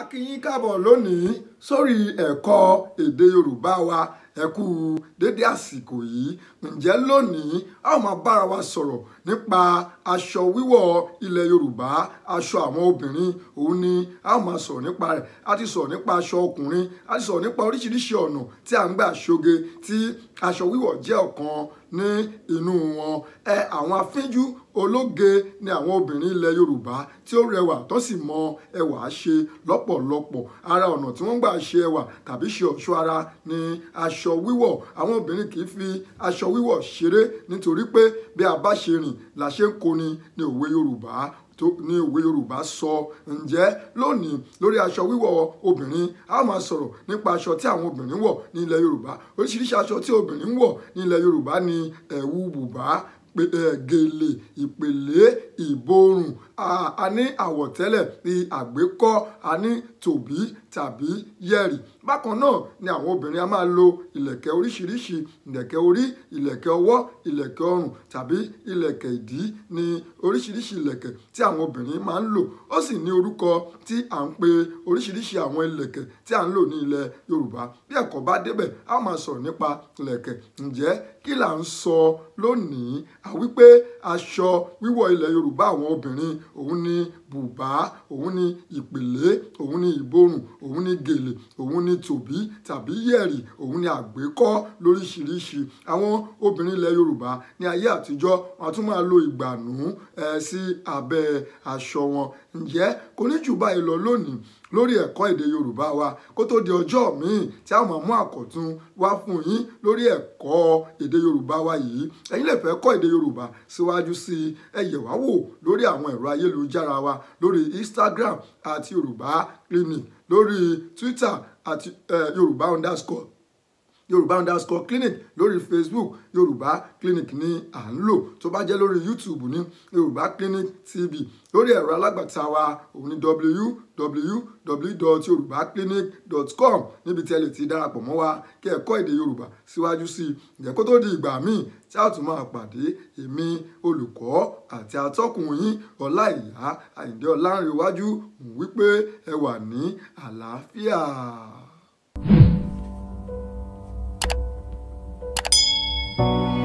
akínyìn káàbọ̀ lónìí sórí ẹ̀kọ́ èdè Yorùbá wa ẹ kú dédé àsìkò yìí ǹjẹ́ lónìí a ó máa bára wa sọ̀rọ̀ nípa aṣọ wíwọ̀ ilẹ̀ Yorùbá aṣọ àwọn obìnrin òun ni a ó máa sọ̀rọ̀ nípa rẹ̀ a ti sọ̀rọ̀ nípa aṣọ ọkùnrin a ti sọ̀rọ̀ nípa oríṣiríṣi ọ̀nà tí à ń gbà ṣoge tí aṣọ wíwọ̀ jẹ́ ọ̀kan ní inú wọn ẹ àwọn afínjú ológe ni àwọn obìnrin ilẹ̀ Yorùbá tí ó rẹwà tó sì mọ ẹwà ṣe lọ́pọ̀lọpọ̀ ara ọ̀nà tí wọ́n gbà ṣe ẹwà tàbí ṣe ọ̀ṣọ́ ara ni aṣọ aṣọ wíwọ̀ àwọn obìnrin kì í fi aṣọ wíwọ̀ ṣeré nítorí pé bí a bá ṣe rìn la ṣe ń koni ní òwe Yorùbá tó ní òwe yorùbá sọ ǹjẹ́ lónìí lórí aṣọ wíwọ̀ obìnrin a máa sọ̀rọ̀ nípa aṣọ tí àwọn obìnrin wọ̀ ní ilẹ̀ yorùbá oríṣiríṣi aṣọ tí obìnrin wọ̀ ní ilẹ̀ yorùbá ni ẹ̀wù bùbá gèlè ìpèlé ìborùn a ní àwọ̀tẹ́lẹ̀ ní àgbékọ́ a ní tòbí tàbí yẹ̀rì bákan náà ni àwọn obìnrin a máa lo ìlẹ̀kẹ̀ oríṣiríṣi ìlẹ̀kẹ̀ orí ìlẹ̀kẹ̀ ọwọ́ ìlẹ̀kẹ̀ ọrùn tàbí ìlẹ̀kẹ̀ ìdí ni oríṣiríṣi ìlẹ̀kẹ̀ tí àwọn obìnrin máa ń lò ó sì ní orúkọ tí à ń pe oríṣiríṣi àwọn ìlẹ̀kẹ̀ tí à ń lò ní ilẹ̀ Yorùbá bí ẹ̀kọ́ bá débẹ̀ a máa sọ̀rọ̀ nípa ìlẹ̀kẹ̀ ǹjẹ́ kí là ń sọ lónìí àwípé aṣọ wíwọ̀ ilẹ̀ yorùbá àwọn obìnrin òun ni bùbá òun ni ìpèlé òun ni ìborùn òun ni gèlè òun ni tòbí tàbí yẹ̀rì òun ni àgbékọ́ lóríṣiríṣi àwọn obìnrin ilẹ̀ yorùbá ní ayé àtijọ́ wọn a tún máa lo ìgbànú ẹ eh, sí abẹ́ aṣọ wọn ǹjẹ́ kò ní jù báyìí lọ lónìí lórí ẹ̀kọ́ èdè yorùbá wa kó tó di ọjọ́ míì tí a máa mú àkọ̀tún wá fún yín lórí ẹ̀kọ́ èdè yorùbá wa yìí ẹ̀yin lè fẹ́ kọ́ èdè yorùbá síwájú sí i ẹ yẹ̀ wá wò lórí àwọn ẹ̀rọ ayélujára wa lórí instagram àti yorùbá clinic lórí twitter àti eh, yorùbá underscore yorùbá underscore clinic lórí facebook yorùbá clinic ni à ń lò tó bá jẹ́ lórí youtube ni yorùbá clinic tv lórí ẹ̀rọ alágbàtà wa òun ni www.yorubaclinic.com níbi tí ẹ lè ti darapọ̀ mọ́ wa kí ẹ kọ́ èdè yorùbá síwájú sí i ǹjẹ́ kó tó di ìgbà míì tí a tún máa pàdé èmi olùkọ́ àti atọ́kùn yín ọlá ìyá àyíndé ọlárìnwájú wípé ẹ wà ní àlàáfíà. Thank you.